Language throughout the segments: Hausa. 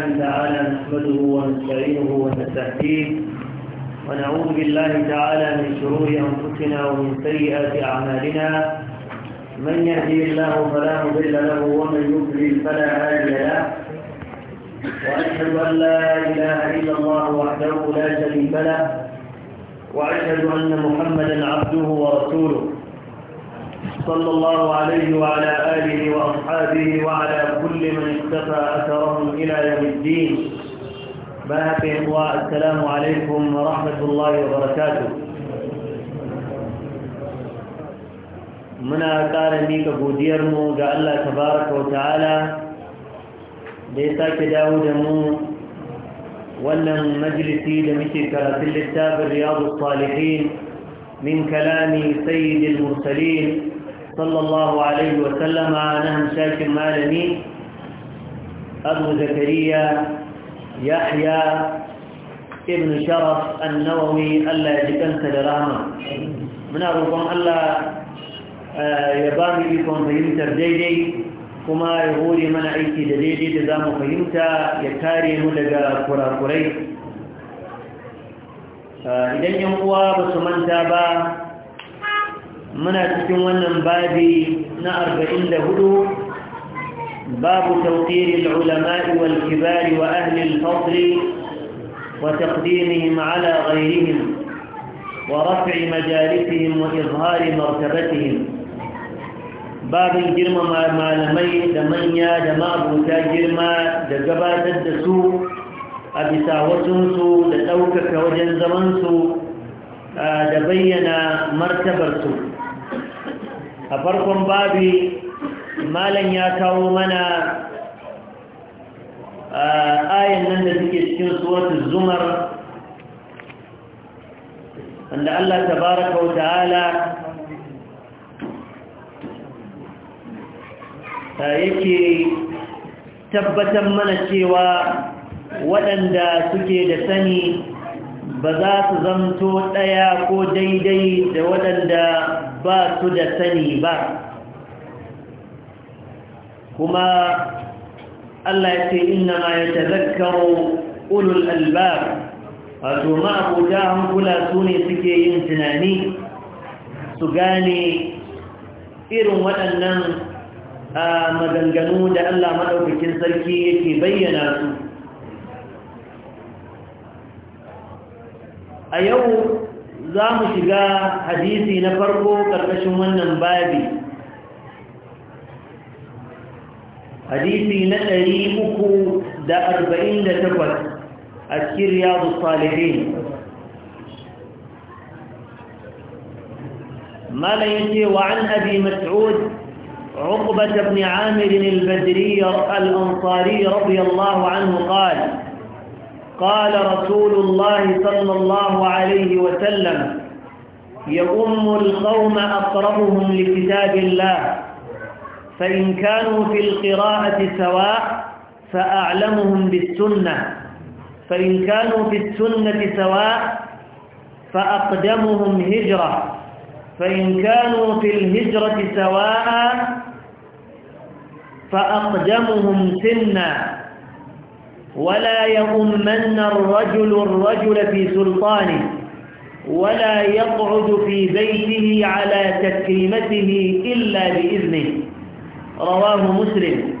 تعالى نحمده ونستعينه ونستهديه ونعوذ بالله تعالى من شرور أنفسنا ومن سيئات أعمالنا من يهدي الله فلا مضل له ومن يضلل فلا هادي له وأشهد أن لا إله إلا الله وحده لا شريك له وأشهد أن محمدا عبده ورسوله صلى الله عليه وعلى آله وأصحابه وعلى كل من اختفى أثرهم إلى يوم الدين باهتهم والسلام عليكم ورحمة الله وبركاته منا أكار ميك بوديرمو جاء الله تبارك وتعالى ديتا كداو جمو ولن مجلسي لمشي كراتل التاب الرياض الصالحين من كلام سيد المرسلين sallallahu alaihi wasallama na hamshakin malami abu zakariya yahya ibn sharaf annawawi allah ya ji kansa da Rahma. muna roƙon allah eh, ya ba mu ikon fahimtar daidai kuma ya hore mana aiki da daidai da za mu fahimta ya kare mu daga kurakurai eh, idan yan uwa ba su manta ba muna cikin wannan babi na 44 babu tawqir al-ulama wal kibar wa ahli al-fadl wa taqdimihim ala ghayrihim wa raf'i majalihim wa izhar martabatihim babin girma malamai da manya da ma'abuta girma da gabatar da su a bisa wasunsu da ɗaukaka wajen zamansu da bayyana martabarsu a farkon babi malam ya kawo mana ayan nan da suke cikin suwatu zumar wanda Allah tabaraka wa ta'ala yake tabbatar mana cewa waɗanda suke da sani ba za su zamto ɗaya ko daidai da waɗanda ba su da sani ba kuma Allah ya ce inna ma ya tazakkaru ulul albab wato ma'abuta hankula su ne suke yin tunani su gane irin waɗannan maganganu da Allah maɗaukakin sarki yake bayyana su a yau za mu shiga hadisi na farko ƙarƙashin wannan babi hadisi na ɗari uku da arba'in da takwas a cikin riyadu salihin ما يتي وعن أبي مسعود عقبة بن عامر البدري الأنصاري رضي الله عنه قال قال رسول الله صلى الله عليه وسلم يؤم القوم أقربهم لكتاب الله فإن كانوا في القراءة سواء فأعلمهم بالسنة فإن كانوا في السنة سواء فأقدمهم هجرة فإن كانوا في الهجرة سواء فأقدمهم سنا ولا يؤمن الرجل الرجل في سلطانه ولا يقعد في بيته على تكريمته إلا بإذنه رواه مسلم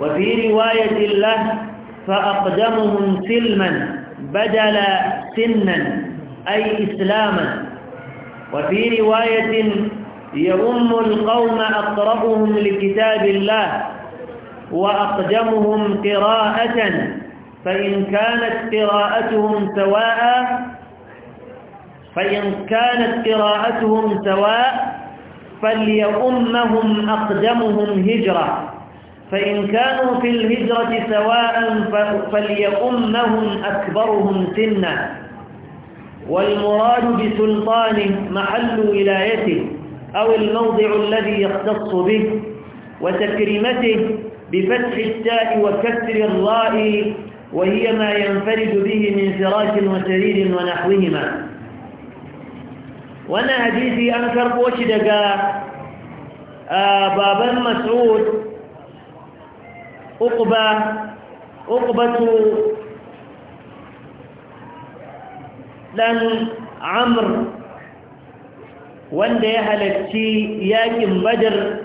وفي رواية له فأقدمهم سلما بدل سنا أي إسلاما وفي رواية يؤم القوم أقربهم لكتاب الله وأقدمهم قراءة فإن كانت قراءتهم سواء فإن كانت قراءتهم سواء فليؤمهم أقدمهم هجرة فإن كانوا في الهجرة سواء فليؤمهم أكبرهم سنا والمراد بسلطانه محل ولايته أو الموضع الذي يختص به وتكريمته بفتح التاء وكسر الراء وهي ما ينفرد به من فراش وسرير ونحوهما وانا حديثي انكر بوش دقا آه، بابا مسعود أقبة أقبة لن عمر وان هلكتي يهلكتي ياكم بدر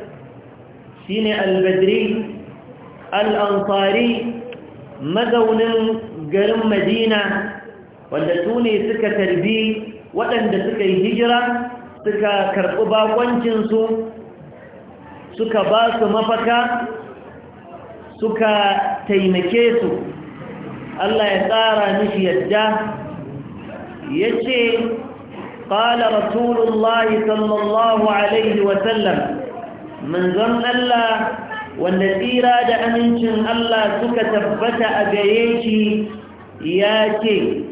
شيني البدري al'ansari mazaunin garin madina wanda su ne suka tarbi waɗanda suka yi hijira suka karɓi bakoncinsu suka ba su mafaka suka taimake su Allah ya tsara mishi yadda ya ce ƙala rasulullahi sallallahu alaihi wasallam manzon Allah wanda tsira da amincin Allah suka tabbata a gare shi ya ce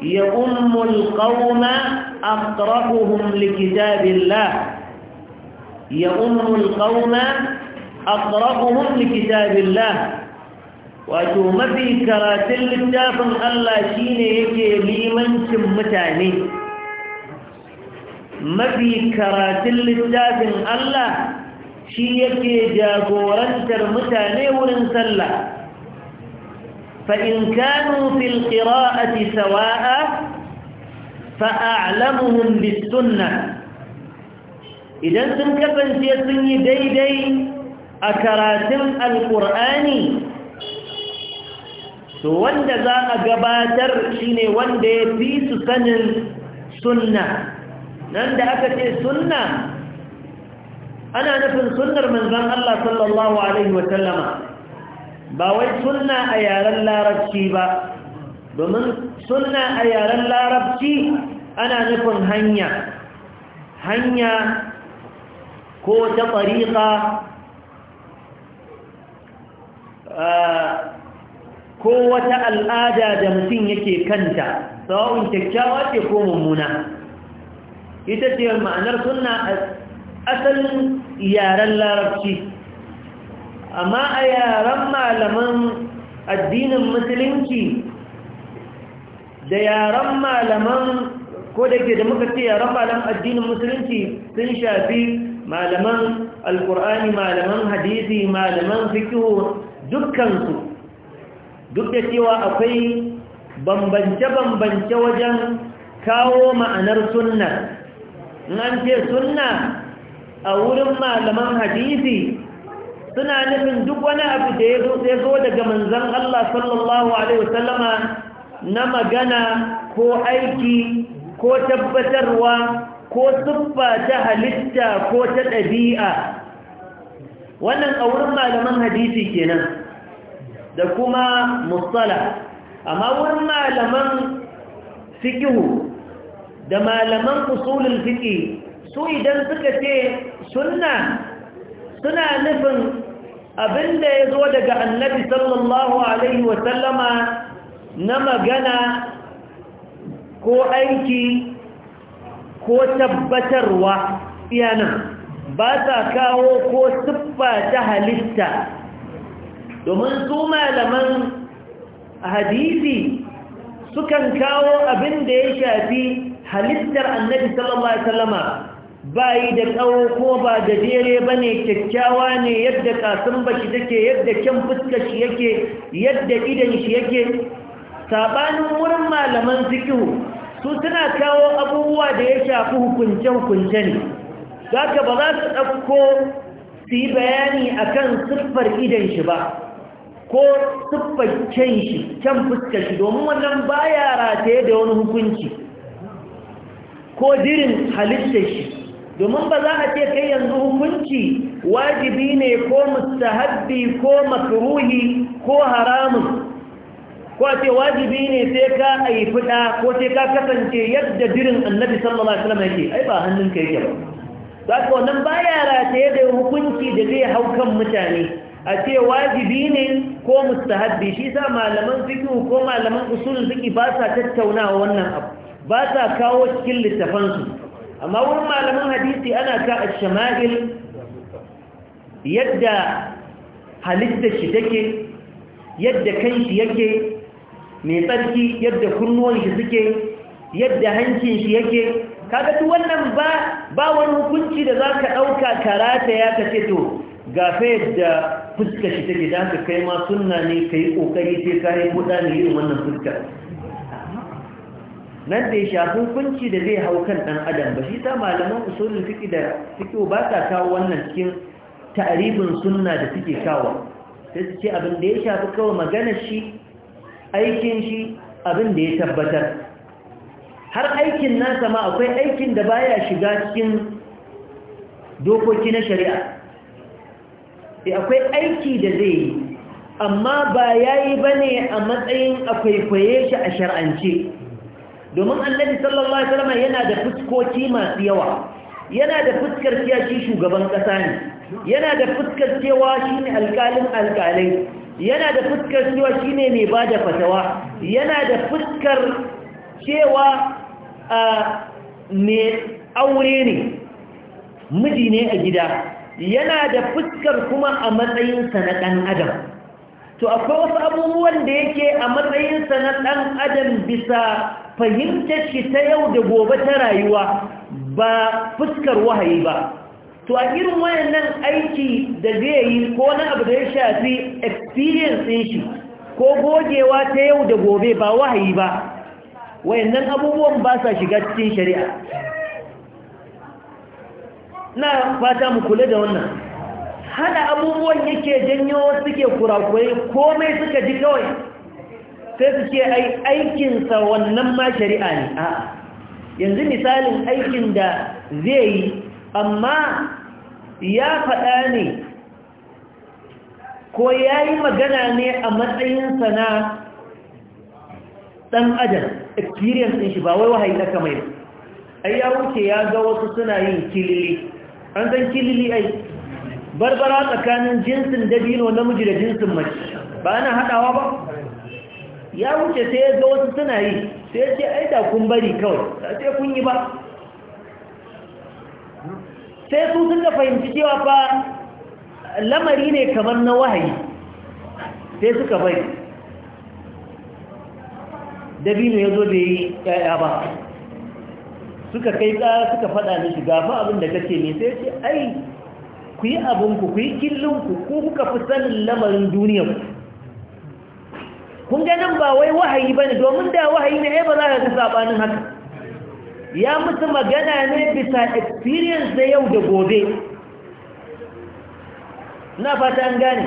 ya ummul qauma aqra'uhum likitabillah ya ummul qauma aqra'uhum likitabillah wato mafi karatun littafin Allah shine yake limancin mutane mafi karatun littafin Allah shi yake jagorantar mutane wurin sallah fa’in kanu fil ƙira a ti sawa’a fa’a’alamuhun sunna, idan sun kasance sun yi daidai a karatun Alƙur'ani, to wanda za a gabatar shi ne wanda ya fi su sanin sunna nan da aka ce sunna ana nufin sunnar manzan Allah sallallahu alaihi wasallama ba wai sunna a yaren larabci ba domin sunna a yaren larabci ana nufin hanya hanya ko ta tsariƙa ko wata al'ada da mutum yake kanta sawa'un kyakkyawa ce ko mummuna ita ce ma'anar suna asalin yaren larabci amma a yaren malaman addinin musulunci da yaren malaman ko da ke da muka ce yaren malaman addinin musulunci sun shafi malaman alkur'ani malaman hadisi malaman fikihu dukkansu duk da cewa akwai bambance-bambance wajen kawo ma'anar sunna in an ce sunna a wurin malaman hadisi suna nufin duk wani abu da ya zo daga manzan Allah sallallahu Alaihi wasallama na magana ko aiki ko tabbatarwa ko siffa ta halitta ko ta ɗabi'a wannan a wurin malaman hadisi kenan da kuma musala amma wurin malaman fikihu da malaman usulul fiƙi su idan suka ce sunna suna nufin abinda ya zo daga annabi sallallahu alaihi wasallama na magana ko aiki ko tabbatarwa iyanan ba sa kawo ko siffa ta halitta domin su malaman hadisi sukan kawo abin da ya shafi halittar annabi sallallahu alaihi wasallama bayi da tsawo ko ba da dere ba ne kyakkyawa ne yadda kasan bashi take yadda kyan fuska shi yake yadda idan shi yake saɓanin wurin malaman zikihu su suna kawo abubuwa da ya shafi hukunce-hukunce ne za ka ba za su ɗauko su yi bayani a kan siffar idan shi ba ko siffar kyan shi kyan fuska shi domin wannan baya rataye da wani hukunci ko dirin halittar shi domin ba za a ce kai yanzu hukunci wajibi ne ko mustahabbi ko makruhi ko haramun ko ce wajibi ne sai ka aifi ɗa ko sai ka kasance yadda jirin annabi sallallahu alaihi wasallam yake ai ba hannun kai yake ba za ko wannan baya rataye yadda hukunci da zai hau kan mutane a ce wajibi ne ko mustahabbi shi sa malaman fiqh ko malaman usul fiqh ba sa tattaunawa wannan abu ba sa kawo cikin littafansu amma wurin malamin hadisi ana ka a shama'il yadda halitta shi take yadda kan shi yake mai tsarki yadda kunnuwan shi suke yadda hancin shi yake kaga duk wannan ba ba wani hukunci da zaka ɗauka karata ya kace to gafe yadda fuska shi take da haka kai ma sunna ne kai kokari sai kai buɗa ne irin wannan fuska. nan da ya shafi hukunci da zai hau kan ɗan adam ba shi ta malaman usulun fiki da fiki ba ta kawo wannan cikin ta'aribin sunna da suke kawo su ce abin da ya shafi kawo magana shi aikin shi abin da ya tabbatar har aikin nasa ma akwai aikin da baya shiga cikin dokoki na shari'a eh, akwai aiki da zai yi amma ba ya yi ba ne a matsayin akwaikwaye shi a shar'ance domin annabi sallallahu alaihi wasallam yana da fuskoki masu yawa yana da fuskar cewa shi shugaban kasa ne yana da fuskar cewa shi ne alƙalin alƙalai yana da fuskar cewa shi ne mai bada fatawa yana da fuskar cewa mai aure ne miji ne a gida yana da fuskar kuma a matsayin na adam to akwai wasu abubuwan da yake a matsayinsa na ɗan adam bisa fahimtar shi ta yau da gobe ta rayuwa ba fuskar wahayi ba to a irin wayannan aiki da zai yi ko na abu da ya shafi experience ɗin shi ko gogewa ta yau da gobe ba wahayi ba wayannan abubuwan ba sa shiga cikin shari'a na fata mu kula da wannan hana abubuwan yake janyo suke kurakurai komai suka ji kawai sai suke aikinsa wannan ma shari'a ne a yanzu misalin aikin da zai yi amma ya faɗa ne ko ya yi magana ne a matsayinsa na ɗan adam experience ɗin shi ba wai wahayi aka mai ai ya wuce ya ga wasu suna yin kilili an san kilili ai barbara tsakanin jinsin dabino namiji da jinsin mace ba ana haɗawa ba ya wuce sai ya ga wasu suna yi sai ya ce ai da kun bari kawai da ce kun yi ba sai su suka fahimci cewa fa lamari ne kamar na wahayi sai suka bari dabino ya zo da yi ƴaƴa ba suka kai ƙara suka faɗa da shiga fa abin da kake ne sai ce ai ku yi abinku ku yi killinku ku kuka fi sanin lamarin duniyar kun ga nan ba wai wahayi ba ne domin da wahayi ne ba za ka ga sabanin haka ya mutu magana ne bisa experience da yau da gobe na fata an gane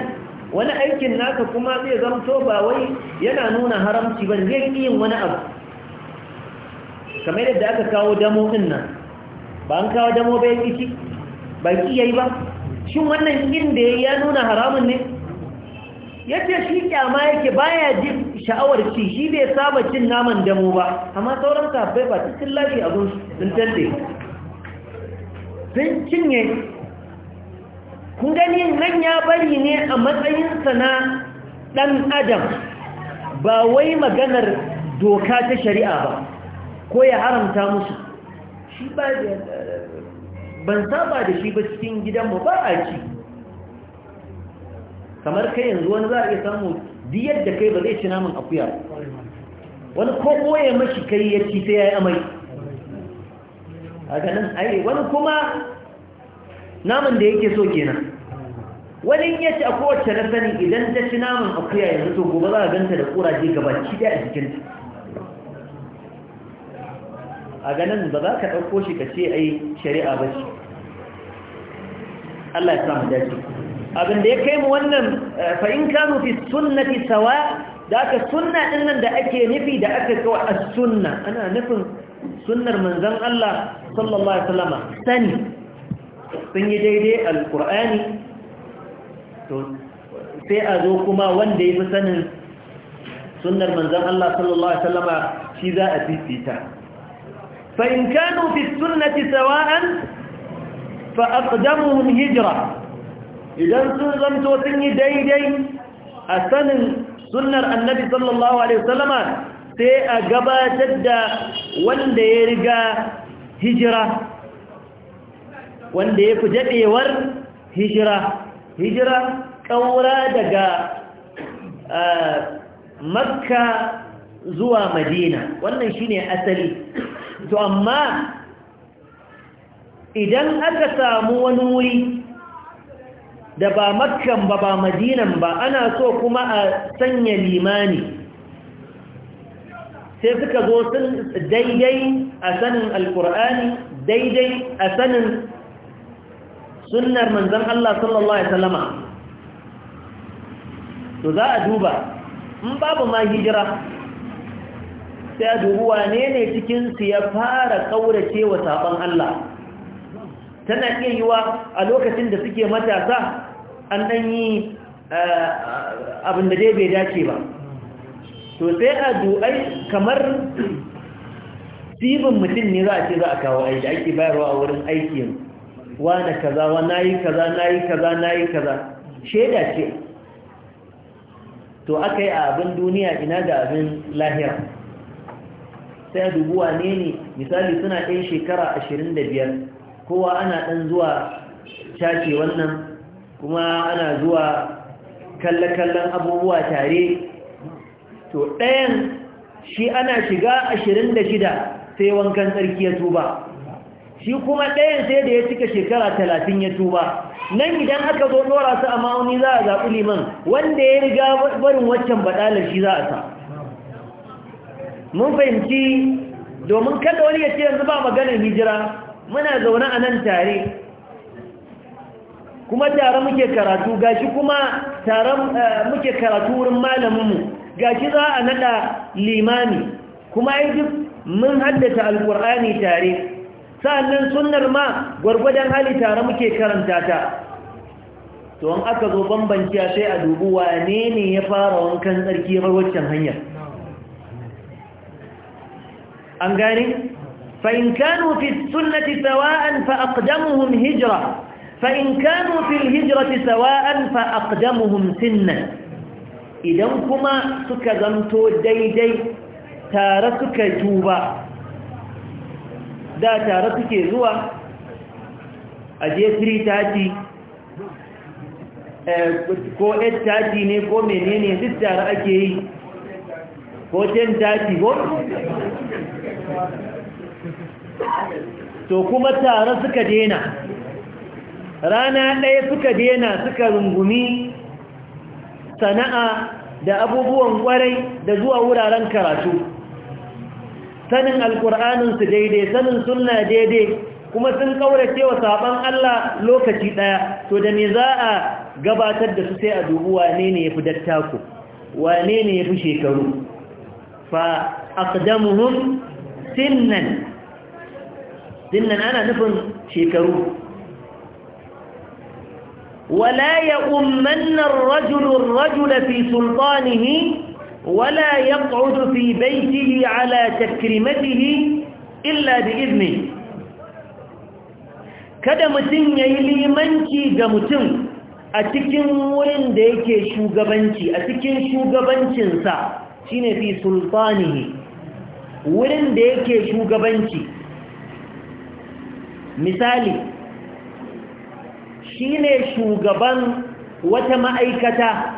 wani aikin naka kuma zai zamto ba wai yana nuna haramci ba zai yin wani abu kamar yadda aka kawo damo ɗin nan ba an kawo damo bai ƙi ba ƙi yayi ba shin wannan kin da ya nuna haramun ne yace shi kyama yake baya jin sha'awar ci shi bai saba cin naman damo ba amma sauran kafai ba cikin lafi abun sun sun cinye kun gani nan ya bari ne a matsayinsa na ɗan adam ba wai maganar doka ta shari'a ba ko ya haramta musu shi ba ban saba da shi ba cikin gidanmu ba a ci kamar kai yanzu wani za a iya samu diyar da kai ba zai ci naman akuya wani ko koye mashi kai ya ci sai ya yi amai a ganin ai wani kuma naman da yake so kenan wani ya ci a kowace na sani idan ta ci naman akuya yanzu to gobe za a ganta da kuraje gaba ci da a jikinta a ganin ba za ka ɗauko shi ka ce ai shari'a ba ce Allah ya samu daji. abin da ya kai mu wannan eh, fa in kanu fi sunnati sawa da aka sunna din da ake nufi da aka kawo a sunna ana nufin sunnar manzan Allah sallallahu alaihi wasallam sani sun yi daidai alqur'ani to sai a zo kuma wanda yafi sanin sunnar manzan Allah sallallahu alaihi wasallam shi za a fifita فإن كانوا في السنة سواء فأقدمهم هجرة إذا سنة توسني داي داي أسن سنة النبي صلى الله عليه وسلم سيأقبا تدى وان يرقى هجرة wanda ya fi هجرة هجرة hijira ƙaura daga makka zuwa madina wannan shine to amma idan aka samu wani wuri da ba makkan ba ba madinan ba ana so kuma a sanya limani sai suka zo sun daidai a sanin alkur'ani daidai a sanin sunnar manzan Allah sallallahu Alaihi wasallama to za a duba in babu ma hijira sai a dubi ne ne cikinsu ya fara ƙaurace wa sabon Allah tana iya yiwa a lokacin da suke matasa an ɗan yi eh, abin da dai bai dace ba to sai a du'ai kamar sibin mutum ne za a ce za a kawo aiki ake bayarwa a wurin aiki wane kaza wa na yi kaza na yi kaza na yi kaza shaida ce to aka yi a abin duniya ina da abin lahira sai a dubu wane ne misali suna ɗan shekara ashirin da biyar kowa ana ɗan zuwa cace wannan kuma ana zuwa kalle-kallen abubuwa tare to ɗayan shi ana shiga ashirin da shida sai wankan tsarki ya tuba shi kuma ɗayan sai da ya cika shekara talatin ya tuba nan idan aka zo ɗora su a ma'auni za a zaɓi liman wanda ya riga barin waccan baɗalar shi za a sa mun fahimci domin kada wani ya ce yanzu ba maganar hijira muna zaune a nan tare kuma tare muke karatu gashi kuma tare eh, muke karatu wurin malaminmu gashi za a nada limami kuma ai duk mun haddata alkur'ani tare sa'annan sunnar ma gwargwadon hali tare muke karanta ta to an aka zo bambanci sai a dubu wane ne ya fara wankan tsarki har waccan hanyar an gani fa’in kanu fi sunnati tsawa’an fa’aƙdamuhun hijira fa’in kanu fi hijirati tsawa’an fa’aƙdamuhun sinnan idan kuma suka zanto daidai tare suka tuba da tare suke zuwa a jefri eh, ko 8:30 ne ko menene ne duk tare ake yi ko jin daɗi ko to kuma tare suka dena rana ɗaya suka dena suka rungumi sana'a da abubuwan kwarai da zuwa wuraren karatu sanin alkur'aninsu daidai sanin sunna daidai kuma sun kaurace wa saban Allah lokaci ɗaya to da me za a gabatar da su sai a dubu wane ne ya fi dattako wane ne ya fi shekaru فأقدمهم سنا سنا أنا نفن شكروا ولا يؤمن الرجل الرجل في سلطانه ولا يقعد في بيته على تكريمته إلا بإذنه kada mutum ya yi limanci ga mutum a cikin wurin da yake shugabanci a cikin shugabancinsa shine fi sultanihi wurin da yake shugabanci misali shine shugaban wata ma'aikata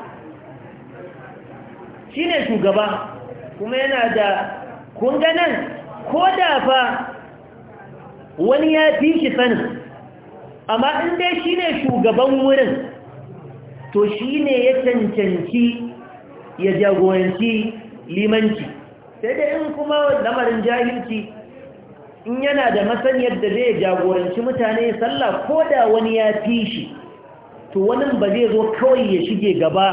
shine shugaba kuma yana da kunganan ko da fa wani ya fi shi sanin amma in dai shine shugaban wurin to shine ya cancanci ya jagoranci limanci sai dai in kuma lamarin jahilci in yana da masaniyar da zai jagoranci mutane sallah ko da wani ya fi shi to wani ba zai zo kawai ya shige gaba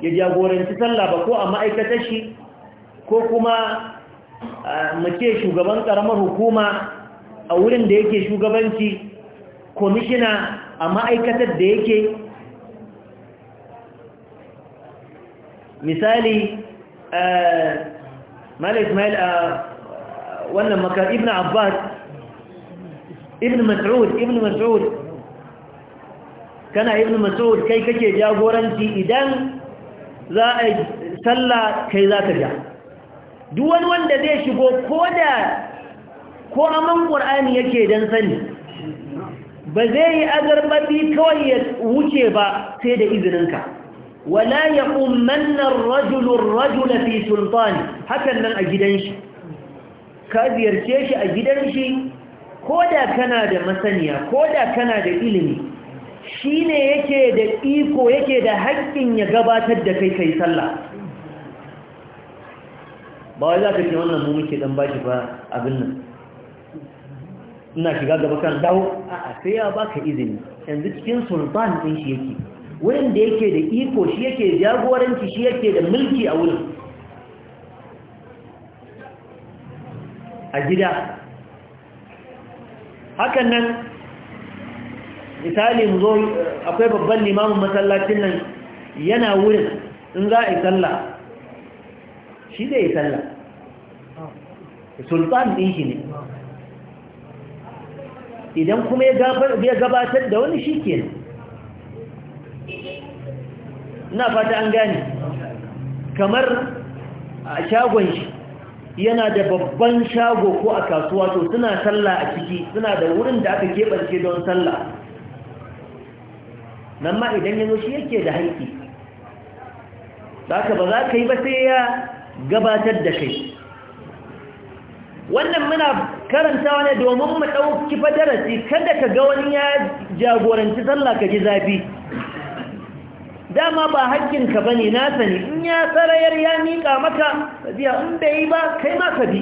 ya jagoranci sallah ba ko a ma'aikatar shi ko kuma mace shugaban karamar hukuma a wurin da yake shugabanci komishina a ma'aikatar da yake misali mala ismail a wannan maka ibn abbas ibn mas'ud ibn mas'ud kana ibn mas'ud kai kake jagoranci idan za a sallah kai za ka ja duk wanda zai shigo ko da ko aman ƙwar'ani yake don sani ba zai yi azarbabi kawai ya wuce ba sai da izininka wala ya ummannan rajulun rajula fi sultani hakan nan a gidan shi ka ziyarce shi a gidan shi ko da kana da masaniya ko da kana da ilimi shi ne yake da iko yake da haƙƙin ya gabatar da kai kai sallah ba wai za ka ce wannan mu dan bashi ba abin nan ina shiga gaba kan dawo a'a sai ya baka izini yanzu cikin sultan ɗin shi yake wurin da yake da iko shi yake jagoranci shi yake da mulki a wurin a gida hakan nan misali mu zo akwai babban limamin masallacin nan yana wurin in za a yi sallah shi zai yi sallah sultan ɗinki ne idan kuma ya gabatar da wani shi kenan na fata an gane kamar a shagon shi yana da babban shago ko a kasuwa to suna sallah a ciki suna da wurin da aka keɓance don sallah nan ma idan yanzu shi yake da haiki ba ka ba za ka yi ba sai ya gabatar da kai wannan muna karantawa ne domin mu ɗauki fadarasi kada ka ga wani ya jagoranci sallah ka ji zafi dama ba hakkin ba ne na sani in ya sarayar ya miƙa maka biya in bai ba kai ma ka bi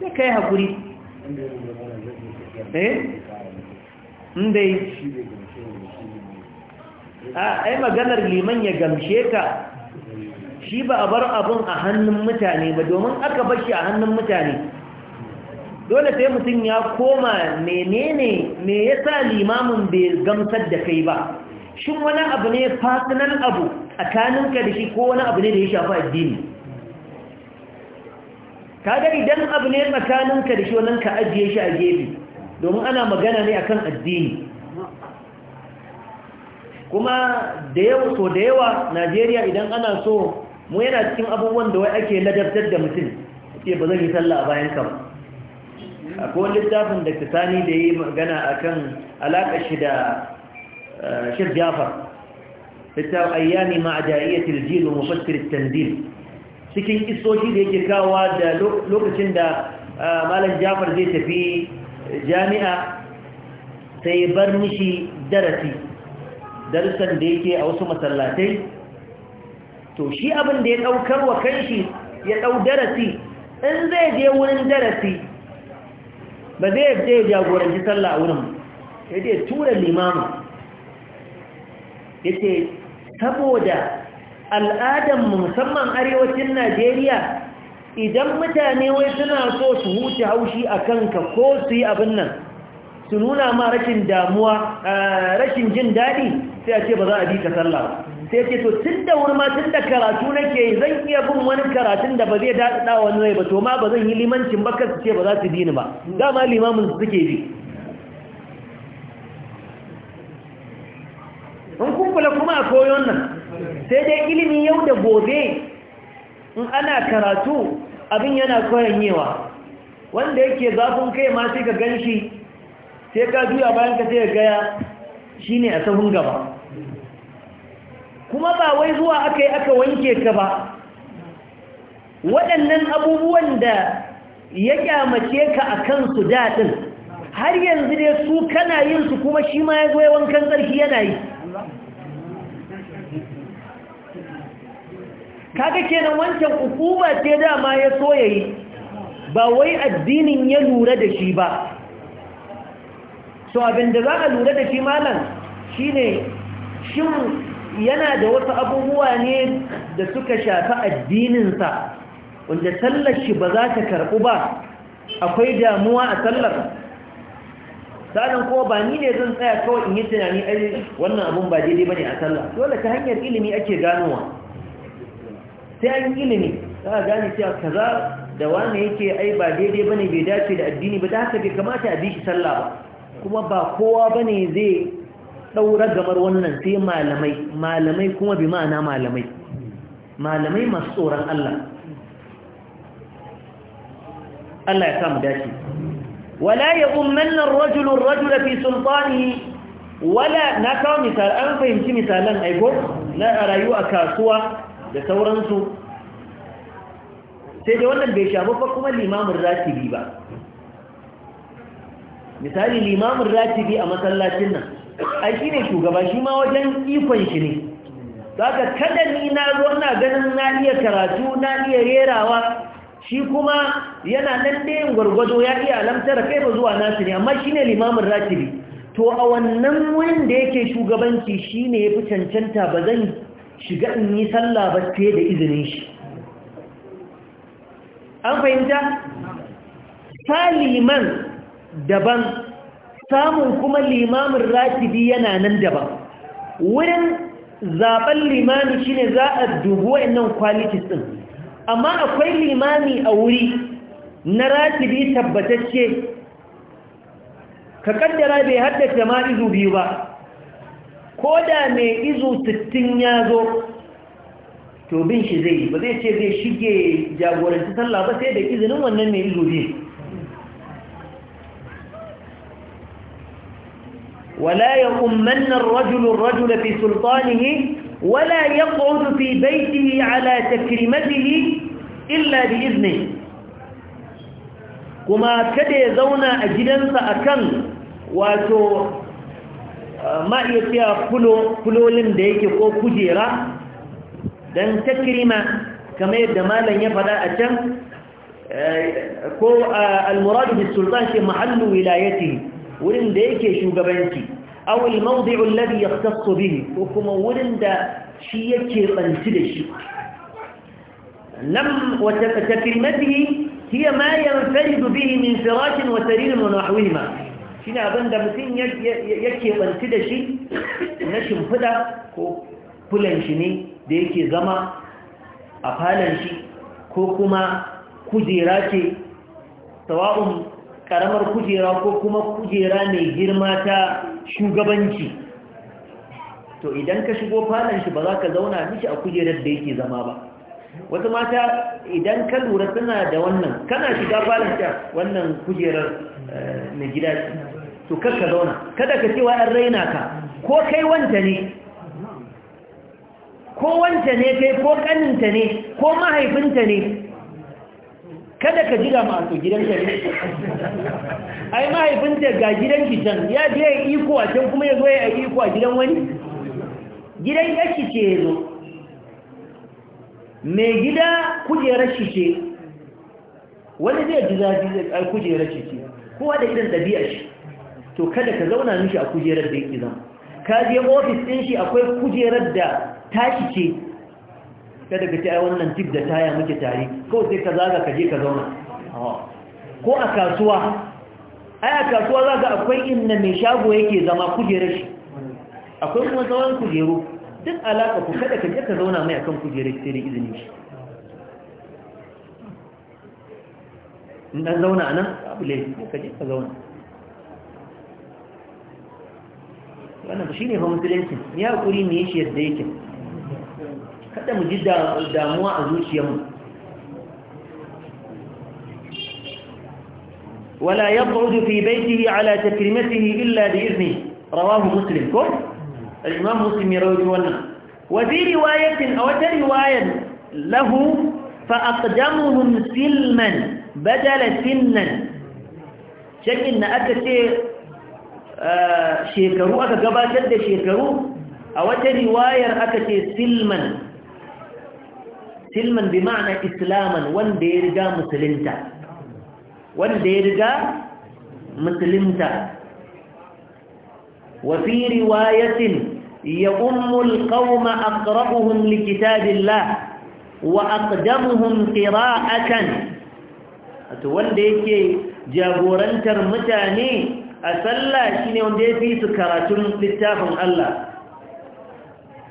sai ka yi haƙuri eh? in bai a ai maganar liman ya gamshe ka shi ba a bar abin a hannun mutane ba domin aka bar a hannun mutane dole sai mutum ya koma menene me yasa limamin bai gamsar da kai ba shin wani abu ne fasinan abu tsakaninka da shi ko wani abu ne da ya shafa addini kaga idan abu ne tsakaninka da shi wannan ka ajiye shi a gefe domin ana magana ne akan addini kuma da yawa so da yawa Najeriya idan ana so mu yana cikin abubuwan da wai ake ladabtar da mutum ce ba zan yi sallah a bayan ka ba akwai littafin da ta Sani da yi magana akan alaƙa shi da شيخ جعفر littafin ayyami ma a jariyatul jilu mufassir tanzil cikin isoshi da yake kawa da lokacin da malam jafar zai tafi jami'a sai bar mishi darasi darussan da yake a wasu masallatai to shi abin da ya daukar wa kanshi ya dau darasi in zai je wurin darasi ba zai je jagoranci sallah a wurin sai dai tura limamin yace saboda al'adan musamman arewacin Najeriya idan mutane wai suna so su huce haushi a kanka ko su yi abin nan su nuna ma rashin damuwa rashin jin daɗi sai a ce ba za a bi ka sallah sai ce to tun da wurma tun da karatu nake zan iya bin wani karatun da ba zai daɗaɗa wani ba to ma ba zan yi limancin ba su ce ba za su bi ni ba dama limamin suke bi koyon nan sai dai ilimi yau da gobe in ana karatu abin yana koyon yewa wanda yake zafin kai ma sai ka gan shi sai ka juya bayan ka sai gaya shi ne a sahun gaba kuma ba wai zuwa aka yi aka wanke ka ba waɗannan abubuwan da ya kyamace ka a kansu daɗin har yanzu dai su kana yin su kuma shi ma ya goya wankan tsarki yana yi kaga kenan wancan hukuma ce dama ya so yi. ba wai addinin ya lura da shi ba so abinda za a lura da shi malam shine shin yana da wasu abubuwa ne da suka shafi addininsa wanda sallar shi ba za ta karɓu ba akwai damuwa a sallar sanan kuma ba ni ne zan tsaya kawai in yi tunani ai wannan abun ba daidai ne a sallar. dole ta hanyar ilimi ake ganowa sai an ilimi za a gane cewa kaza da wani yake ai ba daidai ne bai dace da addini ba da haka bai kamata a bi shi sallah ba kuma ba kowa ba ne zai daura gamar wannan sai malamai malamai kuma bi ma'ana malamai malamai masu tsoron Allah Allah ya samu dace wala ya ummanna ar-rajulu ar-rajula fi sultani wala na kawo misal an fahimci misalan aiko na rayuwa kasuwa da sauransu sai da wannan bai shafi fa kuma limamin ratibi ba misali limamin ratibi a masallacin nan a shi ne shugaba shi ma wajen ikon shi ne Saka kada ni na zo ganin na iya karatu na iya rerawa shi kuma yana nan yin gwargwado ya iya alamtar kai ba zuwa nasu ne amma shi ne limamin ratibi to a wannan wanda yake shugabanci shi ne ya fi cancanta ba zan shiga in yi sallah ba sai da izinin shi an fahimta saliman daban samun kuma limamin ratibi yana nan daban wurin zaben limami ne za a dubu wa'annan kwalitis ɗin, amma akwai limami a wuri na ratibi tabbatacce ka kaddara bai haddace ma izu biyu ba ko da mai izo tattun ya zo to bin shi zai ba zai ce zai shige jagoranci sallah ba sai da izinin wannan mai izo ne wala ya ummanin rajulun rajula fi sultanihi wala ya ƙwazo fi baitihi ala takrimatihi illa da izini kuma kada ya zauna a gidansa akan wato ma iya cewa fulolin da yake ko kujera don takirima kamar yadda malam ya faɗa a can eh, ko eh, almuradu bis sultan shi mahallu wilayati wurin da yake shugabanci aw almawdi'u ya yahtassu bihi ko kuma wurin da shi yake banci da shi nam wa takrimatihi hiya ma yanfarid bihi min firash wa sarir wa nahwihima shi ne da mutum ya keɓanci da shi na shimfiɗa ko fulan shi ne da yake zama a falon shi ko kuma kujera ce tawa'un ƙaramar kujera ko kuma kujera mai girma ta shugabanci to idan ka shigo falon shi ba za ka zauna mishi a kujerar da yake zama ba wata mata idan ka lura tana da wannan kana shiga falon ta wannan kujerar na eh, gida to kakka zauna kada ka ce wa an raina ka ko kai wanta ne ko wanta ne kai ko kaninta ne ko mahaifinta ne kada ka jira to gidanka ne ai mahaifinta ga gidan can ya je ya iko a can kuma ya zo ya iko a gidan wani gidan yaki ce ya zo mai gida kujerar shi ce wani zai ji zafi kujerar shi ce kowa da irin ɗabi'ar shi to kada ka zauna mishi a kujerar da yake zama ka je ofis ɗin shi akwai kujerar da tashi ce kada ka ce ai wannan tip da taya muke tare ko sai ka zaga ka je ka zauna ko a kasuwa ai a kasuwa zaga akwai inda mai shago yake zama kujerar shi akwai kuma tsawon kujeru duk alaƙa ku kada ka je ka zauna mai akan kujerar shi da izinin shi in ɗan zauna nan abu laifi ka je ka zauna wannan shi ne fa musulunci ya hakuri ne shi yadda yake kada mu ji damuwa a zuciyarmu ولا يقعد في بيته على تكريمته إلا بإذنه رواه مسلم كم الإمام مسلم يروي جوانا وفي رواية أو رواية له فأقدمهم سلما بدل سنا شك إن أكثر shekaru aka gabatar da shekaru a wata riwayar aka ce silman silman bi ma'ana islaman wanda ya riga musulunta wanda ya riga musulunta wafi riwayatin ya ƙunmul ƙauma a ƙarfuhun wa a ƙadamuhun tsira a kan wanda yake jagorantar mutane a sallah ne wanda ya fi su karatun littafin Allah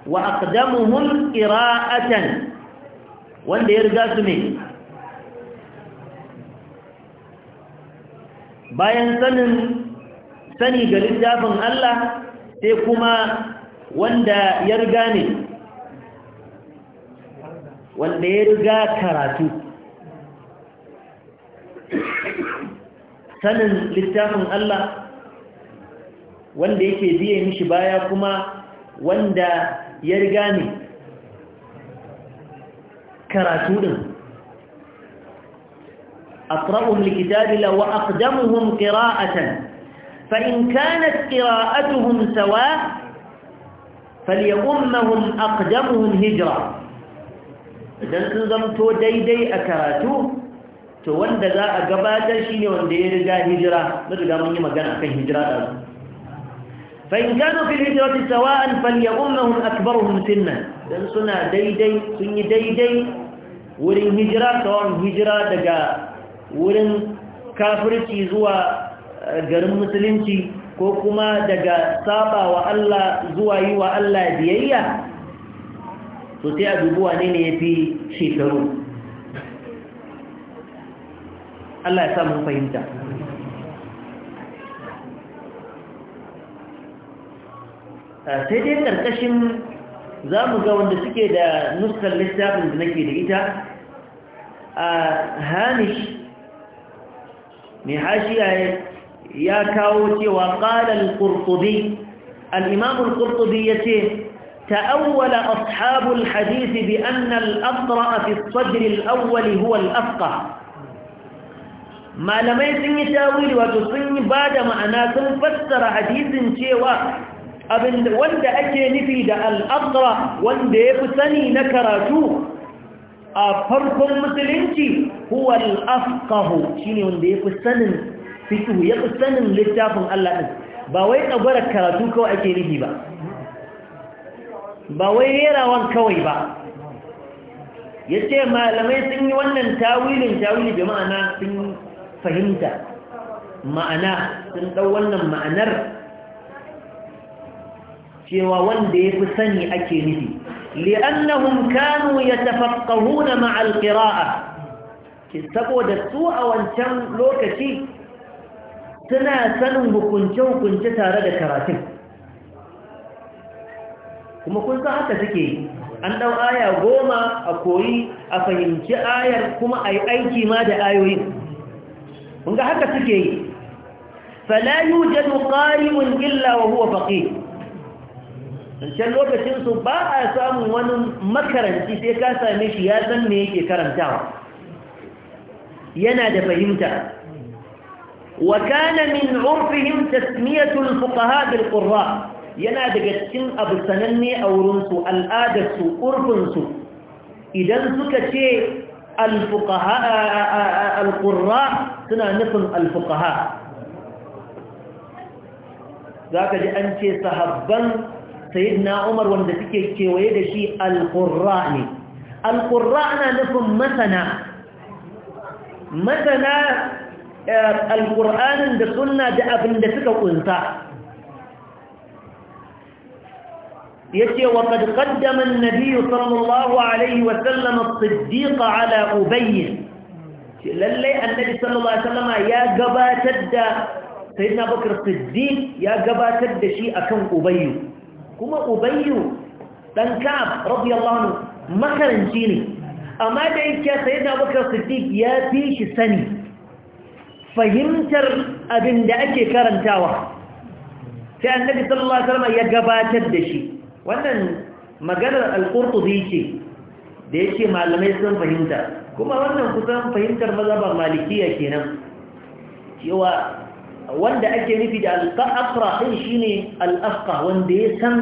wa aqdamuhum qira'atan wanda ya riga su ne bayan sanin sani ga littafin Allah sai kuma wanda ya riga ne wanda ya riga karatu sanin littafin Allah wanda yake biye mishi baya kuma wanda ya riga ne karatu din aqra'uhum likitabi law aqdamuhum qira'atan fa in kanat qira'atuhum sawa falyummuhum aqdamuhum hijra idan kun zamto daidai a karatu to wanda za a gabatar shi ne wanda ya riga hijira na riga mun yi magana akan hijira da su fa in kanu fil hijrati sawa'an falyumuhum akbaruhum sinna dan suna daidai sun yi daidai wurin hijira sawa'an hijira daga wurin kafirci zuwa eh, garin musulunci ko kuma daga saba wa Allah zuwa yi wa Allah biyayya to sai a dubuwa ne ne yafi shekaru Allah ya sa mun fahimta sai dai karkashin za mu ga wanda suke da nuskar littafin da nake da ita a hamish mai hashiya ya kawo cewa ƙalar ƙurtubi al'imamun ƙurtubi ya ce تأول أصحاب الحديث بأن الأطرأ في الصدر الأول هو الأفقه malamai sun yi tawili wato sun yi ba da ma'ana sun fassara hadisin cewa abin wanda ake nufi da al'adra wanda ya fi sani na karatu a farkon musulunci huwa shi shine wanda ya fi sanin fitu ya fi sanin littafin Allah din ba wai tsagwara karatu kawai ake nufi ba ba wai yarawan kawai ba yace malamai sun yi wannan tawilin tawili jama'a na sun fahimta ma'ana sun ɗau wannan ma'anar cewa wanda ya fi sani ake nufi li'annahum kanu yatafaqqahuna ma'al qira'a saboda su a wancan lokaci suna sanin hukunce-hukunce tare da karatun kuma kun san haka suke an ɗau aya goma a koyi a fahimci ayar kuma a yi aiki ma da ayoyin kun ga haka suke yi fala yujadu qari'un illa wa huwa faqih can lokacin su ba a samun wani makaranci sai ka same shi ya san me yake karantawa yana da fahimta wa kana min urfihim tasmiyatu fuqaha bil qurra yana daga cikin abu sananne a wurin su al'adar su urfin su idan suka ce alƙurra suna nufin alfukaha za ka ji an ce sahabban sayidina umar wanda suke kewaye da shi alƙurra ne alƙurra ana nufin masana masana eh, alƙur'anin da suna da abin da suka ƙunsa yace wa kad qaddama an-nabiy sallallahu alayhi wa sallam as ala ubay lalle annabi sallallahu alaihi wasallama ya gabatar da sayyidina bakr siddiq ya gabatar da shi akan ubay kuma ubay dan kaf radiyallahu anhu makaranci ne amma da yake sayyidina bakr siddiq ya fi shi sani fahimtar abin da ake karantawa sai annabi sallallahu alaihi wasallama ya gabatar da shi wannan maganar al zai ce da ce malamai sun fahimta kuma wannan kusan fahimtar mazhabar malikiya kenan cewa wanda ake nufi da al ɗin shi shine al wanda ya san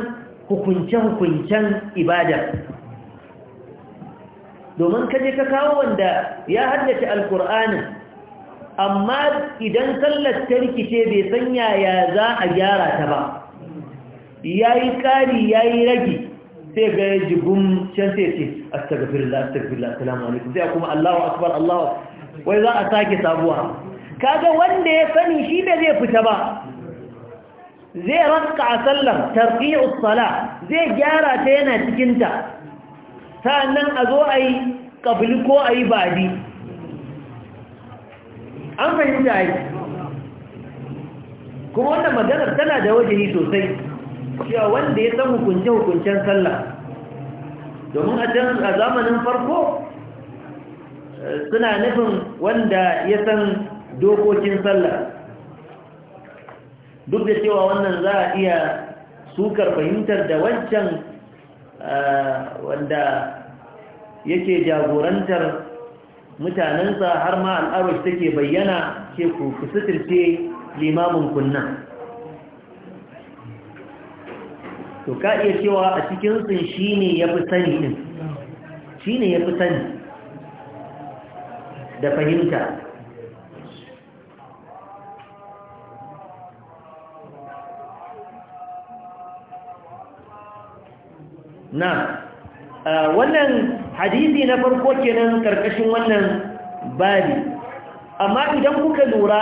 hukunce-hukuncen ibada domin kaje ka kawo wanda ya haddace alkur'anin amma idan sallar ta rikice bai san yaya za a gyara ta ba ya yi ƙari ya yi ragi, sai ga ya ji bum can sai ce astagfirullah astagfirullah assalamu alaikum sai kuma Allahu akbar Allahu wai za a sake sabuwa kaga wanda ya sani shi da zai fita ba zai raka a sallar tarqi'us sala zai gyara ta yana cikinta. ta sa'annan a zo ayi qabli ko ayi badi an fahimta yi kuma wannan maganar tana da wajihi sosai cewa wanda ya san hukunce hukuncen sallah domin a can a zamanin farko suna nufin wanda ya san dokokin sallah duk da cewa wannan za a iya sukar fahimtar da wancan eh, wanda yake jagorantar mutanensa har ma al'arwash take bayyana ke ku limamin kunna to ka iya cewa a cikin sun shine fi sani din shine fi sani da fahimta na wannan hadisi na farko kenan karkashin wannan babi amma idan kuka lura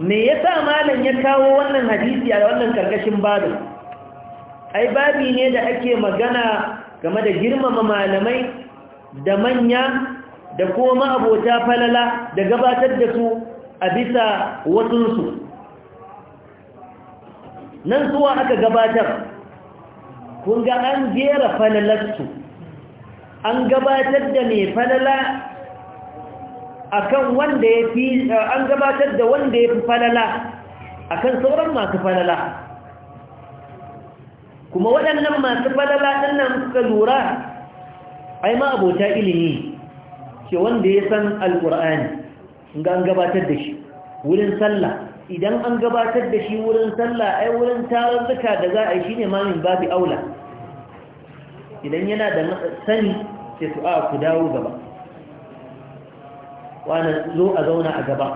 me yasa malam ya kawo wannan hadisi a wannan karkashin babin ai babi ne da ake magana game da girmama malamai da manya da kuma abota falala da gabatar da su a bisa wasunsu nan zuwa aka gabatar kun ga an gera falalarsu an gabatar da mai falala akan wanda ya fi an gabatar da wanda ya falala akan sauran masu falala kuma waɗannan masu falala ɗannan suka lura ai ma abota ilimi ce wanda ya san alƙur'ani ga an gabatar da shi wurin sallah idan an gabatar da shi wurin sallah ai wurin zuka da za a yi shi ne mamin babi aula idan yana da sani sai su a ku dawo gaba wani zo a zauna a gaba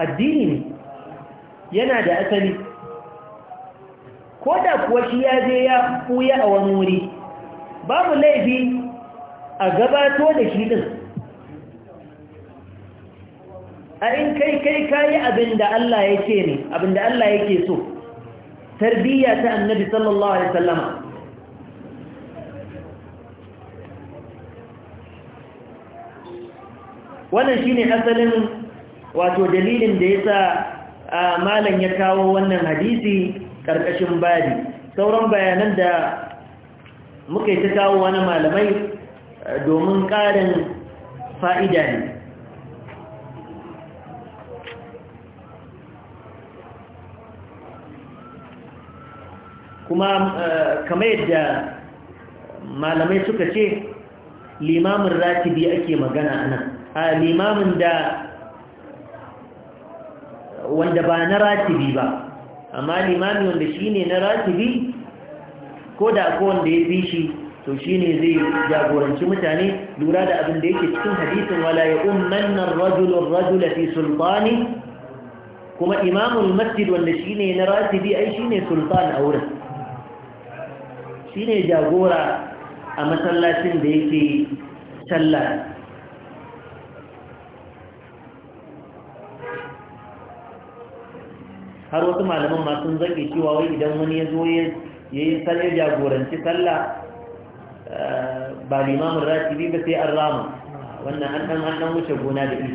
addini yana da asali ko da kuwa shi ya je ya kuya a wani wuri babu laifi a gabato da shi din a in kai kai kayi abin da Allah ya ce ne abin da Allah yake so tarbiyya ta annabi sallallahu alaihi wasallama wannan shine asalin wato dalilin da yasa malam ya kawo wannan hadisi ƙarƙashin bari sauran bayanan da muka yi ta kawo wani malamai eh, domin ƙarin fa'ida ne kuma eh, kamar yadda malamai suka ce limamin ratibi ake magana nan? a limamin da wanda ba na ratibi ba amma limami wanda ne na ratibi ko da ko wanda ya fi shi to shine zai jagoranci mutane lura da abin da yake cikin hadisin wala ya ummanna ar-rajulu rajula fi sultani kuma imamul masjid wanda ne na ratibi ai ne sultan a wurin shine jagora a masallacin da yake sallah har wasu malaman ma sun zage cewa wai idan wani ya zo ya yi sallar jagoranci sallah ba limamin bi ba sai an rama wannan an dan an dan wuce gona da ido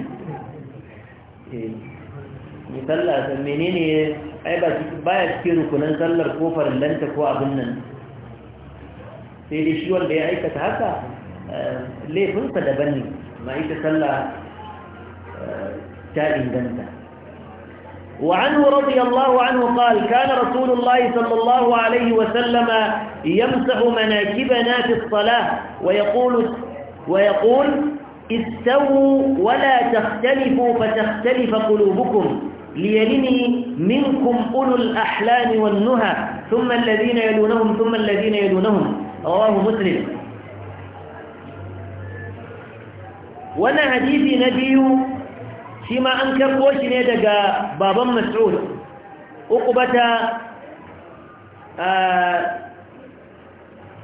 ni sallah san menene ai ba shi baya cikin rukunan sallar ko farillanta ko abin nan sai dai shi wanda ya aikata haka laifinsa daban ne ma ita sallah ta inganta وعنه رضي الله عنه قال كان رسول الله صلى الله عليه وسلم يمسح مناكبنا في الصلاة ويقول ويقول استووا ولا تختلفوا فتختلف قلوبكم ليلني منكم أولو الأحلام والنهى ثم الذين يلونهم ثم الذين يلونهم رواه مسلم وانا حديث نبي shi ma an karbo shi ne daga baban mas'ud bata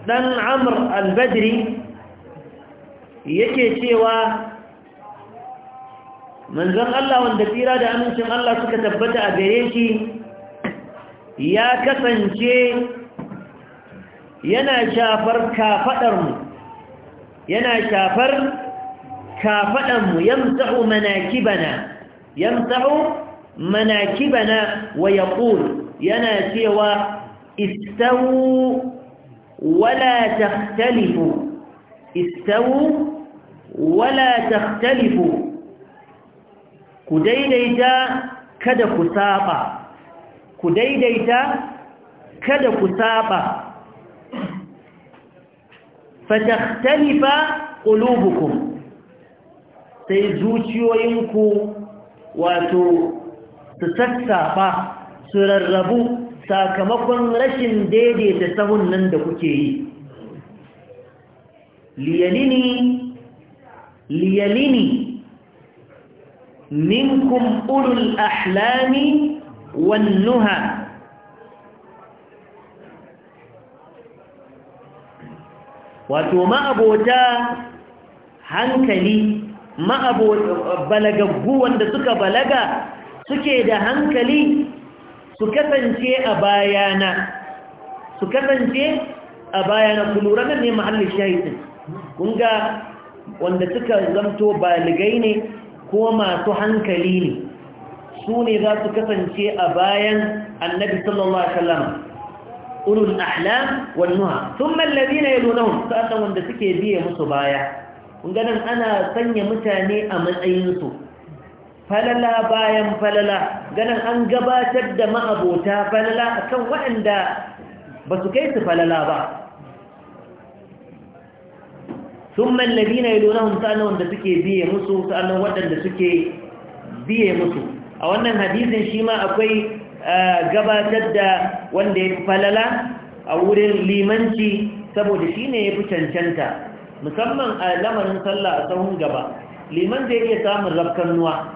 dan amr al-badri yake cewa manzon Allah wanda tsira da amincin Allah suka tabbata a gare shi ya kasance yana shafar mu yana shafar kafaɗanmu yamsahu manakibana yamsahu manakibana wa yaqul yana cewa istawu wala takhtalifu istawu wala takhtalifu ku daidaita kada ku saba ku daidaita kada ku saba qulubukum sai zuciyoyinku wato su tattafa, su rarrabu sakamakon rashin daidaita sahun nan da kuke yi liyalini liyalini minkum ulul ahlami wan nuha wato ma'abota hankali ma'abo balagaggu wanda suka balaga suke da hankali su kasance a bayana su kasance a bayana ku lura nan ne mahallin shahidin kun wanda suka zamto baligai ne ko masu hankali ne su ne za su kasance a bayan annabi sallallahu alaihi wasallam ulul ahlam wan nuha thumma alladhina yalunhum sa'atan wanda suke biye musu baya ganin ana sanya mutane a matsayinsu falala bayan falala ganin an gabatar da ma'abota falala akan waɗanda ba su kai su falala ba sun mallabi na ilonahun sa'anan wanda suke biye musu sa'anan waɗanda suke biye musu a wannan hadisin shi ma akwai gabatar da wanda ya falala a wurin limanci saboda shi ne ya fi cancanta musamman a lamarin sallah a tsawon gaba liman zai iya samun rafkan nuwa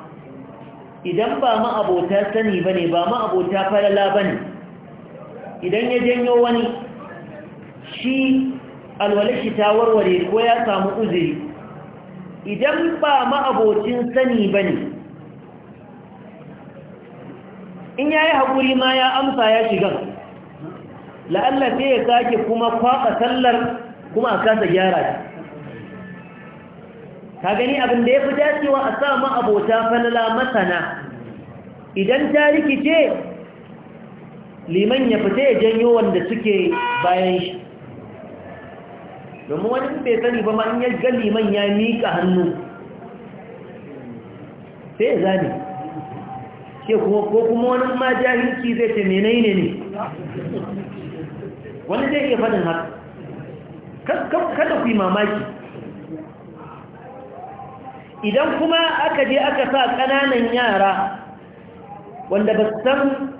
idan ba ma'abota sani ba ne ba ma'abota falala ba ne idan ya janyo wani shi alwalashi ta warware ko ya samu uziri? idan ba ma'abocin sani ba ne in ya yi haƙuri ma ya amsa ya shiga la'allafe ya sake kuma kwaɓa sallar kuma a kasa gyara ka gani abin da ya fi dacewa a sa ma abota falala masana idan ta rikice liman ya fita ya janyo wanda suke bayan shi domin wani bai sani ba ma in ya ga liman ya miƙa hannu sai ya zane ke kuma ko kuma wani ma jahilci zai ce menai ne ne wani zai iya faɗin haka kada ku yi mamaki idan kuma aka je aka sa ƙananan yara wanda ba san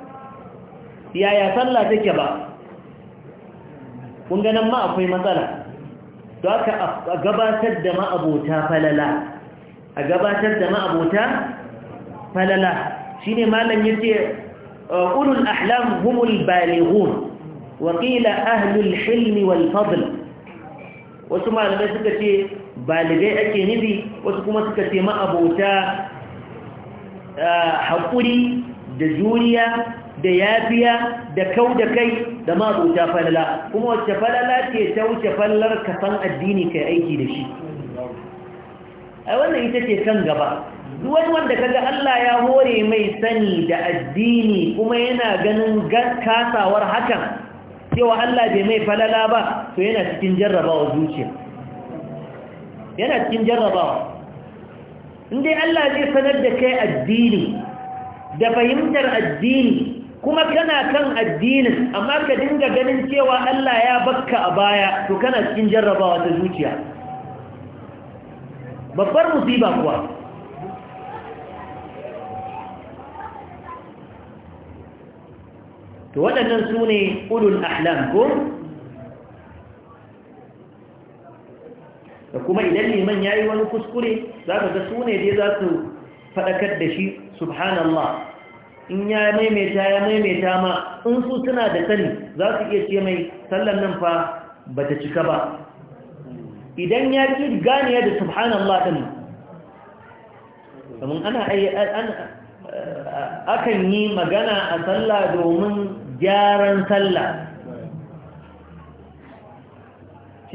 yaya sallah take ba ƙunganan ma akwai matsala to aka gabatar da ma'abota falala a gabatar da ma'abota falala shi ne malam ya ce uh, ulul ahlam humul balighun waƙila ahlul hilmi wal fadl wasu malamai suka ce baligai ake nufi wasu kuma suka ce ma'abota haƙuri da juriya da yafiya da kau da kai da ma'abota falala kuma wacce falala ce ta wuce fallar kasan addini kai aiki da shi a wannan ita ce kan gaba duwan wanda kaga Allah ya hore mai sani da addini kuma yana ganin kasawar hakan cewa Allah bai mai falala ba to yana cikin jarrabawa zuciya yana cikin jarrabawa dai Allah zai sanar da kai addini da fahimtar addini kuma kana kan addinin amma ka dinga ganin cewa Allah ya bakka a baya to kana cikin jarrabawa ta zuciya babbar musiba kuwa to waɗannan su ne ulul ahlam ko da kuma idan liman ya yi wani kuskure za ka ga su dai za su faɗakar da shi subhanallah in ya maimaita ya maimaita ma in su suna da sani za su iya ce mai sallan nan fa ba ta cika ba idan ya ƙi ganiya da subhanallah ɗin domin ana akan yi magana a sallah domin gyaran sallah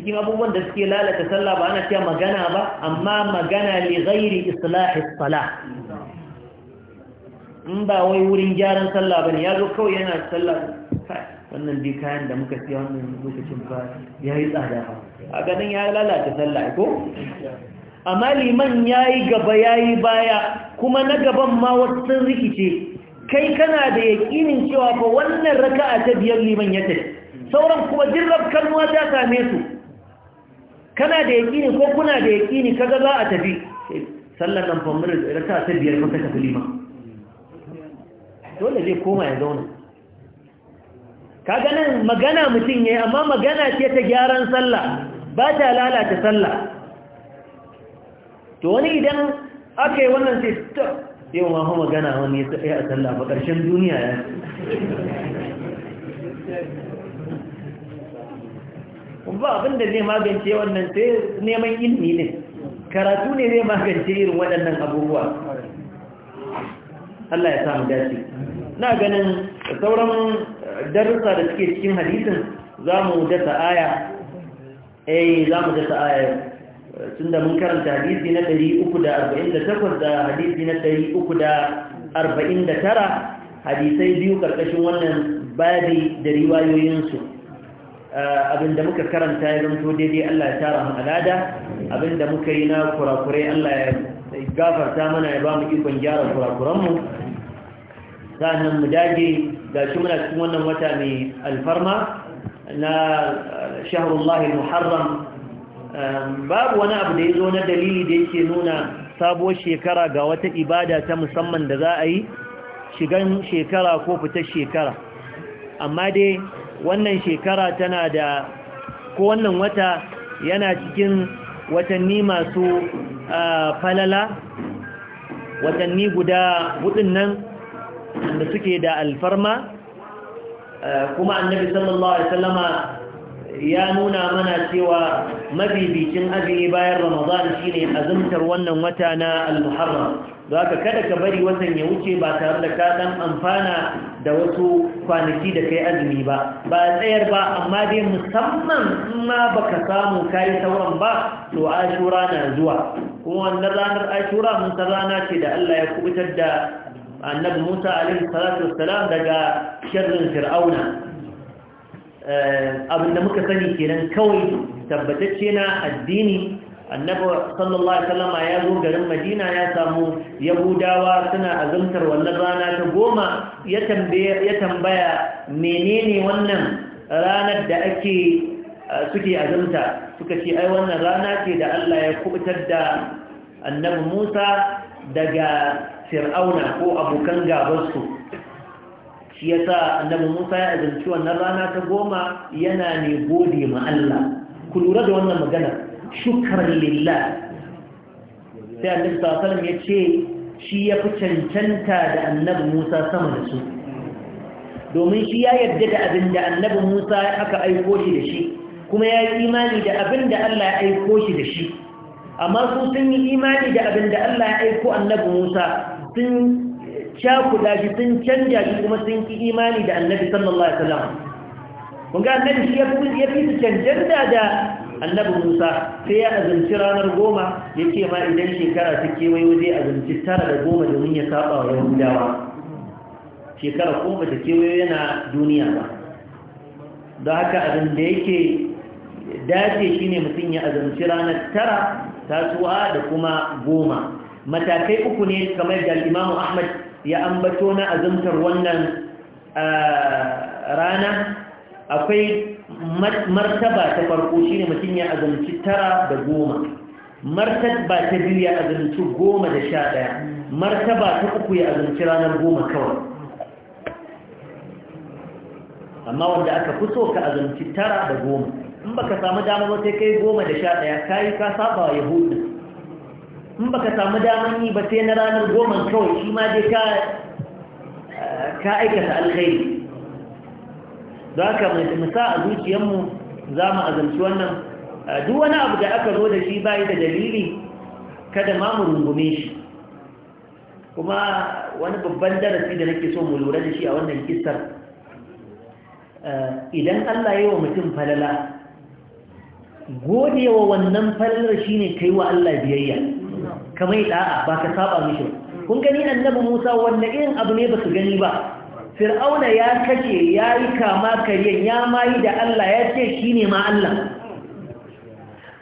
cikin abubuwan da suke lalata sallah ba ana cewa magana ba amma magana li ghairi islahi salah in ba wai wurin gyaran sallah bane yazo kawai yana sallah wannan bi kayan da muka siya wannan lokacin ba yayi tsada ba a ganin ya lalata sallah ko amma liman yayi gaba yayi baya kuma na gaban ma wasu rikice kai kana da yakinin cewa ba wannan raka'a ta biyar liman ya tafi sauran kuma jirrab kalmuwa ta same su kana da yaƙini ko kuna da yaƙini kaga za a tafi eh, sallar nan famar da ta ta biyar maka tafi filima dole zai koma ya zauna kaga nan magana mutum ya amma magana ce ta gyaran sallah ba ta lalata sallah to wani idan aka yi wannan sai ta yau ma magana wani ya tsaye a sallah ba ƙarshen duniya ya ba abin da zai magance wannan sai neman ilimi ne karatu ne zai magance irin waɗannan abubuwa Allah ya samu dace na ganin sauran darussa da suke cikin hadisin za mu dasa aya eh za mu dasa aya tun da mun karanta hadisi na 348 da hadisi na 349 hadisai biyu karkashin wannan babi da riwayoyinsu Eh, abinda muka karanta ya zanto daidai Allah ya tara mu alada abinda muka yi na kurakurai Allah ya gafarta mana ya ba mu ikon gyara kurakuranmu sannan mu dage ga shi muna cikin wannan wata mai alfarma na eh, shahrullahi muharram eh, babu wani abu da ya zo na dalili da yake nuna sabuwar shekara ga wata ibada ta musamman da za a yi shigan shekara ko fitar shekara amma dai wannan shekara tana da ko wannan wata yana cikin watanni masu falala watanni guda hudun nan da suke da alfarma kuma annabi sallallahu alaihi wasallama ya nuna mana cewa mabibicin azumi bayan ramadan shine azumtar wannan wata na al-muharram za ka kada ka bari watan ya wuce ba tare da ka dan amfana da wasu kwanaki da kai azumi ba ba tsayar ba amma dai musamman in ma baka samu kai sauran ba to ashura na zuwa kuma wannan ranar ashura mun ta rana ce da Allah ya kubutar da annabi Musa alaihi salatu wassalam daga sharrin fir'auna eh, abinda muka sani kenan kawai tabbatacce na addini annabi sallallahu alaihi wasallam ya zo garin Madina ya samu Yahudawa suna azumtar wannan rana ta goma ya tambaya ya tambaya menene wannan ranar da ake eh, suke azumta suka ce ai wannan rana ce da Allah ya kubutar da annabi Musa daga Fir'auna ko abokan gabansu shi yasa annabi Musa ya azumci wannan rana ta goma yana ne gode ma Allah ku lura da wannan magana shukran lillah sai annabi sallallahu ya ce shi ya fi cancanta da annabi Musa sama da su domin shi ya yarda da abin da annabi Musa aka aiko shi da shi kuma ya yi imani da abin da Allah ya aiko shi da shi amma su sun yi imani da abin da Allah ya aiko annabi Musa sun cakuda shi sun canja shi kuma sun ki imani da annabi sallallahu alaihi wasallam kun ga annabi shi ya fi cancanta da annabi musa sai ya azumci ranar goma ya ce ma idan shekara ta kewayo zai azumci tara da goma domin ya saba wa yahudawa shekara kuma ta kewayo yana duniya ba don haka abin da yake dace shine mutum ya azumci ranar tara tasuwa da kuma goma matakai uku ne kamar da imamu ahmad ya ambato na azumtar wannan eh, rana akwai martaba ta farko shi ne mutum ya azumci tara da goma martaba ta biyu ya azumci goma da sha ɗaya martaba ta uku ya azumci ranar goma kawai amma wanda aka fi so ka azumci tara da goma in baka samu dama wata kai goma da sha ɗaya kayi ka saba wa yahudu in baka samu damar yi ba sai na ranar goma kawai shi ma dai ka aikata alkhairi don haka mai sa a zuciyarmu za mu azanci wannan duk wani abu da aka zo da shi bayi da dalili kada ma mu rungume shi kuma wani babban darasi da nake so mu lura da shi a wannan kisar idan Allah ya yi wa mutum falala gode wa wannan falalar shi ne kai wa Allah biyayya kamar da'a ba ka saba mishi kun gani annabi Musa wanda irin abu ne ba su gani ba fir'auna ya kashe ya yi kama karyan ya mayi da Allah ya ce shi ne ma Allah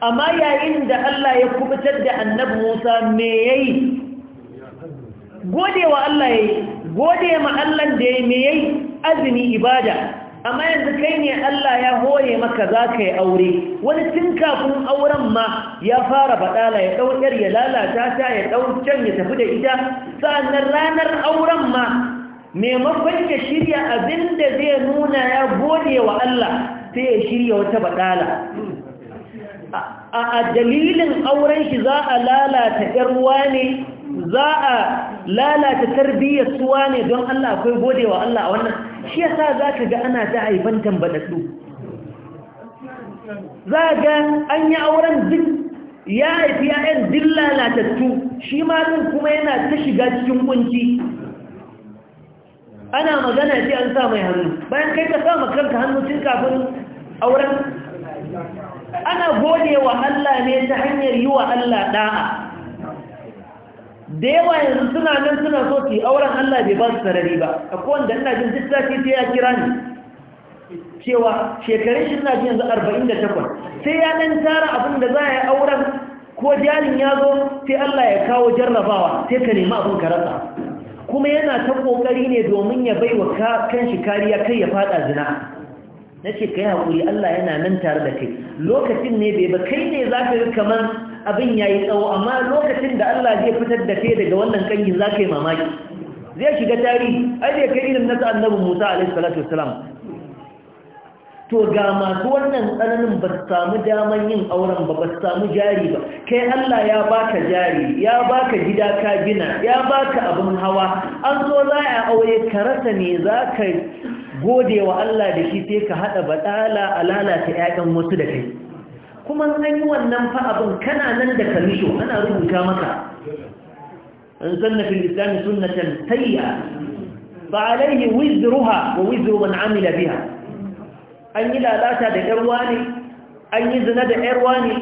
amma yayin da Allah ya kubutar da annabi Musa me yi? godewa Allah yayi gode ma Allah da ya me yi? azumi ibada amma yanzu kai ne Allah ya hore maka za ka yi aure wani tun kafin auren ma ya fara baɗala ya ɗaukar ya lalata ta ya ɗauken ya tafi da ita sa'annan ranar auren ma maimakon ya shirya abin da zai nuna ya gode wa Allah sai ya shirya wata baɗala a dalilin auren shi za a lalata ƴarwa ne za a lalata tarbiyyar suwa ne don Allah akwai gode wa Allah a wannan shi yasa za ka ga ana ta haifan tambaɗaɗɗu za a ga an yi auren duk ya haifi ya'yan duk lalatattu shi ma kuma yana ta shiga cikin kunci ana magana ce an sa mai hannu bayan kai ka sa makarta hannu tun kafin auren ana gode wa Allah ne ta hanyar yi wa Allah ɗa'a. da yawa yanzu suna nan suna so su auren Allah bai ba su sarari ba a kowanne ina jin duk sati sai ya kira ni cewa shekaru shi suna jin yanzu arba'in da takwas sai ya nan tara abin da za a yi auren ko jarin ya zo sai Allah ya kawo jarrabawa sai ka nemi abin ka rasa kuma yana ta kokari ne domin ya bai wa kanshi kariya kai ya fada zina na ce ka haƙuri Allah yana nan tare da kai lokacin ne bai ba kai ne za ka yi kamar abin ya yi tsawo amma lokacin da Allah zai fitar da kai daga wannan kanyi za ka yi mamaki zai shiga tarihi ai zai kai irin na annabi musa alaihi salatu wasalam to ga masu wannan tsananin ba su samu daman yin auren ba ba su samu jari ba kai Allah ya baka jari ya baka gida ka gina ya baka abin hawa an zo za a aure ka rasa ne za ka gode wa Allah da shi sai ka haɗa baɗala a lalata 'ya'yan wasu da kai kuma an yi wannan fa abin kana nan da misho, ana rubuta maka an sanna fil islam sunnatan sayya fa alayhi wizruha wa wizru man amila biha an yi lalata da ƴarwa ne an yi zina da yarwa ne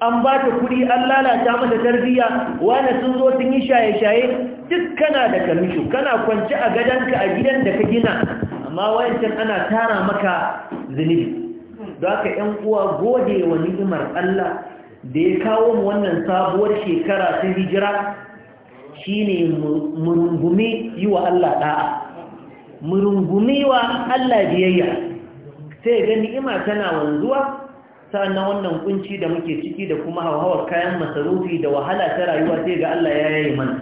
an ba ta kuɗi an lalata mata tarbiyya wani sun zo sun yi shaye-shaye duk kana da kamishu kana kwance a gadonka a gidan da ka gina amma wayancan ana tara maka zunubi don haka ‘yan uwa gode wa ni'imar Allah da ya kawo mu wannan sabuwar shekara ta hijira shine murungumi yi wa Allah ɗa'a murungumi wa Allah biyayya sai ga ni'ima tana wanzuwa sannan wannan kunci da muke ciki da kuma hauhawar kayan masarufi da wahala ta rayuwa sai ga Allah ya ya'yi mana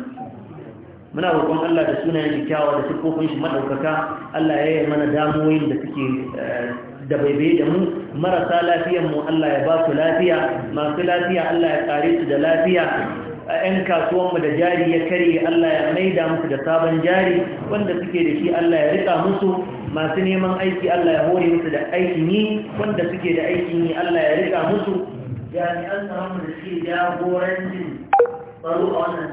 muna roƙon Allah da sunayen kyawa da sifofin shi madaukaka Allah ya ya'yi mana damuwoyin da suke eh, da baibaye da mu marasa lafiyar mu Allah ya ba su lafiya masu lafiya Allah ya kare su da lafiya A ‘yan mu da jari ya karye Allah ya maida musu da sabon jari wanda suke da shi Allah ya rika musu masu neman aiki Allah ya hore musu da aikin yi wanda suke da aikin yi Allah ya rika musu jami'an tsaron da suke jagorancin tsaro a wannan